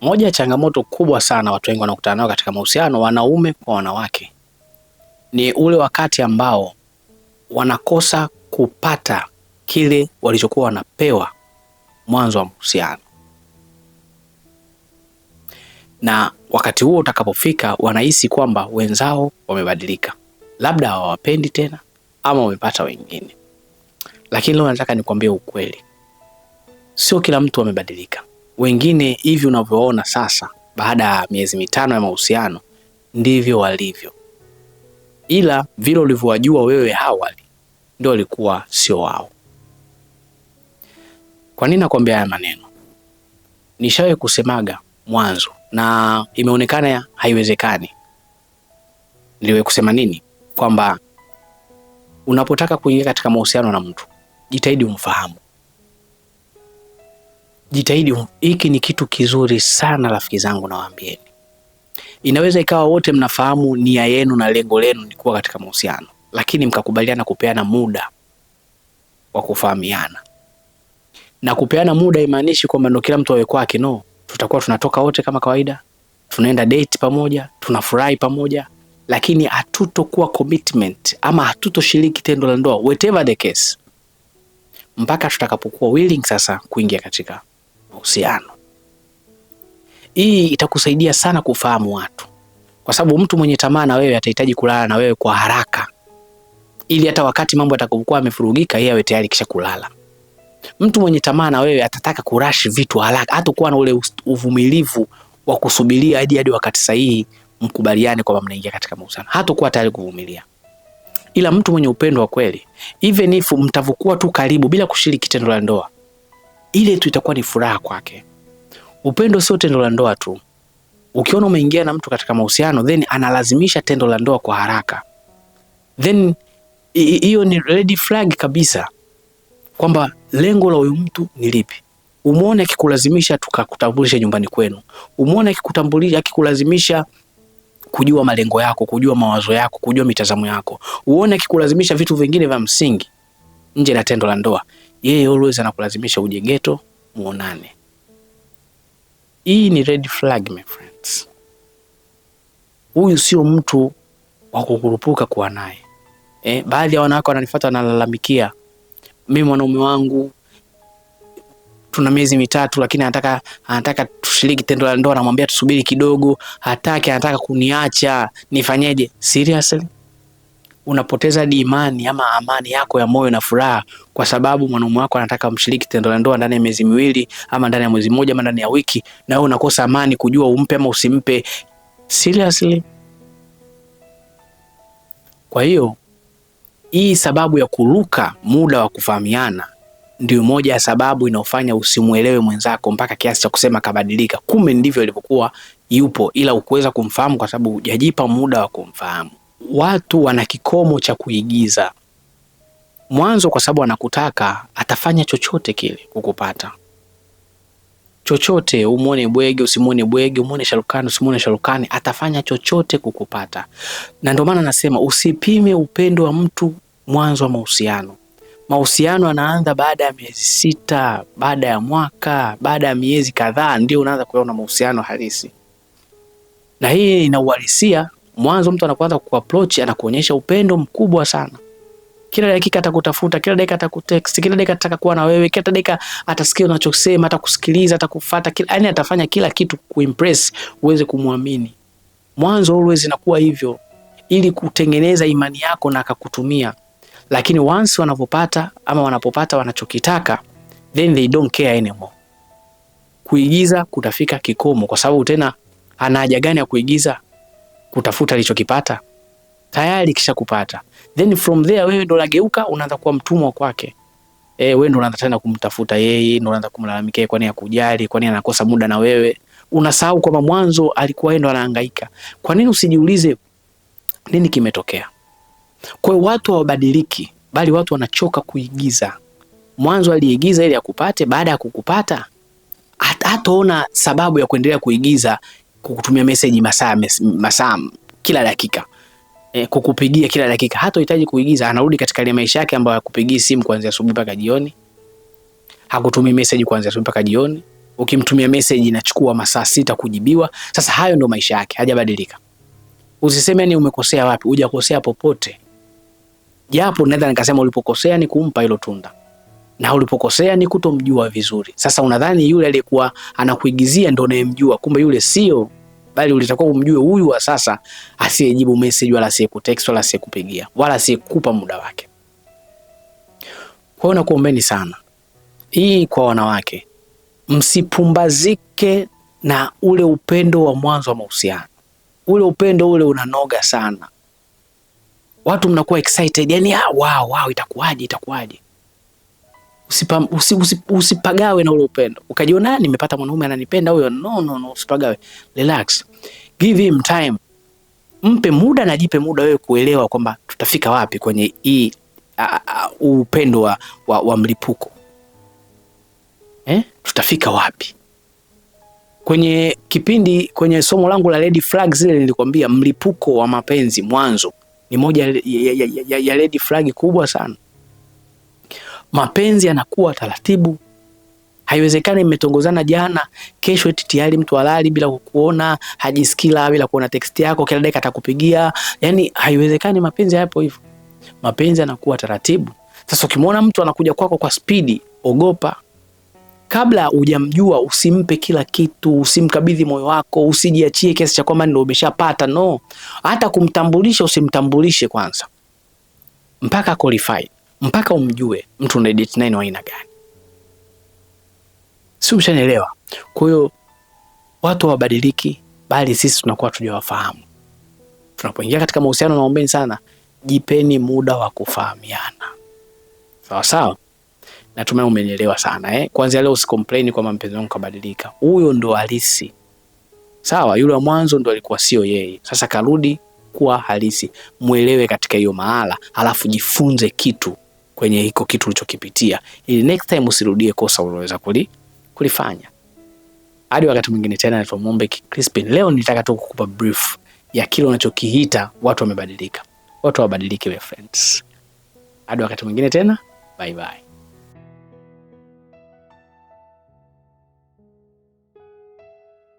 Moja ya changamoto kubwa sana watu wengi wanakutana nayo katika mahusiano, wanaume kwa wanawake, ni ule wakati ambao wanakosa kupata kile walichokuwa wanapewa mwanzo wa mahusiano, na wakati huo utakapofika, wanahisi kwamba wenzao wamebadilika, labda hawawapendi tena ama wamepata wengine. Lakini leo nataka nikwambie ukweli, sio kila mtu amebadilika wengine hivi unavyoona sasa, baada ya miezi mitano ya mahusiano ndivyo walivyo, ila vile ulivyowajua wewe awali ndio walikuwa sio wao. Kwa nini nakwambia haya maneno? Nishawe kusemaga mwanzo na imeonekana haiwezekani. Niliwe kusema nini? Kwamba unapotaka kuingia katika mahusiano na mtu jitahidi umfahamu, jitahidi, hiki ni kitu kizuri sana rafiki zangu, nawaambieni. Inaweza ikawa wote mnafahamu nia yenu na lengo lenu ni kuwa katika mahusiano, lakini mkakubaliana kupeana muda wa kufahamiana. Na kupeana muda haimaanishi kwamba ndo kila mtu awe kwake, no. Tutakuwa tunatoka wote kama kawaida, tunaenda date pamoja, tunafurahi pamoja, lakini hatutokuwa commitment ama hatutoshiriki tendo la ndoa, whatever the case, mpaka tutakapokuwa willing sasa kuingia katika mahusiano. Hii itakusaidia sana kufahamu watu, kwa sababu mtu mwenye tamaa na wewe atahitaji kulala na wewe kwa haraka, ili hata wakati mambo atakapokuwa amefurugika, yeye awe tayari kisha kulala. Mtu mwenye tamaa na wewe atataka kurashi vitu haraka, hata kuwa na ule uvumilivu wa kusubiria hadi hadi wakati sahihi mkubaliane kwamba mnaingia katika mahusiano, hata kuwa tayari kuvumilia. Ila mtu mwenye upendo wa kweli, even if mtavukuwa tu karibu bila kushiriki tendo la ndoa, ile tu itakuwa ni furaha kwake. Upendo sio tendo la ndoa tu. Ukiona umeingia na mtu katika mahusiano then analazimisha tendo la ndoa kwa haraka, then hiyo ni red flag kabisa, kwamba lengo la huyu mtu ni lipi. Umwone akikulazimisha tukakutambulisha nyumbani kwenu, umwone akikutambulisha akikulazimisha kujua malengo yako, kujua mawazo yako, kujua mitazamo yako, uone akikulazimisha vitu vingine vya msingi nje na tendo la ndoa yeye always anakulazimisha uje geto muonane. Hii ni red flag my friends. Huyu sio mtu wa kukurupuka kuwa naye eh. Baadhi ya wanawake wananifuata wanalalamikia, mimi mwanaume wangu tuna miezi mitatu, lakini anataka anataka tushiriki tendo la ndoa, anamwambia tusubiri kidogo, hataki, anataka kuniacha, nifanyeje? Seriously? unapoteza hadi imani ama amani yako ya moyo na furaha, kwa sababu mwanaume wako anataka mshiriki tendo la ndoa ndani ya miezi miwili ama ndani ya mwezi mmoja ama ndani ya wiki, na wewe unakosa amani kujua umpe ama usimpe. Seriously? Kwa hiyo hii sababu ya kuruka muda wa kufahamiana ndio moja ya sababu inaofanya usimwelewe mwenzako mpaka kiasi cha kusema kabadilika. Kumbe ndivyo ilivyokuwa yupo, ila ukuweza kumfahamu kwa sababu hujajipa muda wa kumfahamu watu wana kikomo cha kuigiza mwanzo, kwa sababu anakutaka atafanya chochote kile kukupata chochote umwone bwege usimwone bwege, umwone Sharukani usimwone Sharukani, atafanya chochote kukupata. Na ndio maana anasema usipime upendo wa mtu mwanzo wa mahusiano. Mahusiano anaanza baada ya miezi sita, baada ya mwaka, baada ya miezi kadhaa, ndio unaanza kuona mahusiano halisi, na hii ina uhalisia mwanzo mtu anakuanza kuapproach, anakuonyesha upendo mkubwa sana. Kila dakika atakutafuta, kila dakika atakutext, kila dakika atataka kuwa na wewe, kila dakika atasikia unachosema, atakusikiliza, atakufuata, kila yani atafanya kila kitu kuimpress uweze kumwamini. Mwanzo always inakuwa hivyo, ili kutengeneza imani yako na akakutumia. Lakini once wanapopata ama wanapopata wanachokitaka, then they don't care anymore. Kuigiza kutafika kikomo, kwa sababu tena ana haja gani ya kuigiza? kutafuta alichokipata tayari kisha kupata, then from there wewe ndo unageuka unaanza kuwa mtumwa kwake. E, wewe ndo unaanza tena kumtafuta yeye, ndo unaanza kumlalamikia, kwani hakujali, kwani anakosa muda na wewe. Unasahau kwamba mwanzo alikuwa yeye ndo anahangaika. Kwa nini usijiulize nini kimetokea? Kwa hiyo watu hawabadiliki, bali watu wanachoka kuigiza. Mwanzo aliigiza ili akupate, baada ya kukupata hataona sababu ya kuendelea kuigiza kukutumia message masaa masaa kila dakika e, kukupigia kila dakika, hata uhitaji kuigiza. Anarudi katika ile maisha yake ambayo hakupigii simu kuanzia asubuhi mpaka jioni, hakutumii message kuanzia asubuhi mpaka jioni. Ukimtumia message inachukua masaa sita kujibiwa. Sasa hayo ndio maisha yake, hajabadilika. Usiseme ni umekosea wapi, hujakosea popote, japo naweza nikasema ulipokosea ni kumpa hilo tunda na ulipokosea ni kutomjua vizuri. Sasa unadhani yule aliyekuwa anakuigizia ndo unayemjua, kumbe yule sio, bali ulitakuwa umjue huyu wa sasa, asiyejibu message wala asiyekutext wala asiyekupigia wala asiyekupa muda wake. Kwa hiyo nakuombeni sana, hii kwa wanawake, msipumbazike na ule upendo wa mwanzo wa mahusiano. Ule upendo ule unanoga sana, watu mnakuwa excited, yani ah, wow, wow, itakuwaje itakuwaje Usipa, usi, usi, usipagawe na ule upendo ukajiona nimepata mwanaume ananipenda huyo. No, no, no, usipagawe, relax, give him time, mpe muda na jipe muda wewe kuelewa kwamba tutafika wapi kwenye hii upendo wa, wa, wa mlipuko eh? tutafika wapi kwenye kipindi kwenye somo langu la red flag zile nilikwambia mlipuko wa mapenzi mwanzo ni moja ya, ya, ya, ya red flag kubwa sana mapenzi yanakuwa taratibu. Haiwezekani mmetongozana jana, kesho eti tayari mtu alali bila kukuona, hajisikii la bila kuona teksti yako, kila dakika atakupigia. Yani haiwezekani, mapenzi hayapo hivyo. Mapenzi yanakuwa taratibu. Sasa ukimwona mtu anakuja kwako kwa spidi, ogopa. Kabla hujamjua usimpe kila kitu, usimkabidhi moyo wako, usijiachie kiasi cha kwamba ndio umeshapata. No, hata kumtambulisha usimtambulishe kwanza mpaka qualified mpaka umjue mtu una date naye ni aina gani, si umeshanielewa? Kwa hiyo watu hawabadiliki, bali sisi tunakuwa tujawafahamu. Tunapoingia katika mahusiano, naombeni sana, jipeni muda wa kufahamiana, sawa sawa. Natumai umenielewa sana eh? Kwanza leo usicomplain kwamba mpenzi wangu kabadilika. Huyo ndo halisi, sawa. Yule wa mwanzo ndo alikuwa sio yeye, sasa karudi kuwa halisi. Mwelewe katika hiyo mahala, halafu jifunze kitu kwenye hiko kitu ulichokipitia, ili next time usirudie kosa kuli, kulifanya. Hadi wakati mwingine tena, naitwa Crispin. Leo nitaka tu kukupa brief ya kile unachokiita watu wamebadilika. Watu wabadilike, my friends. Hadi wakati mwingine tena, bye bye.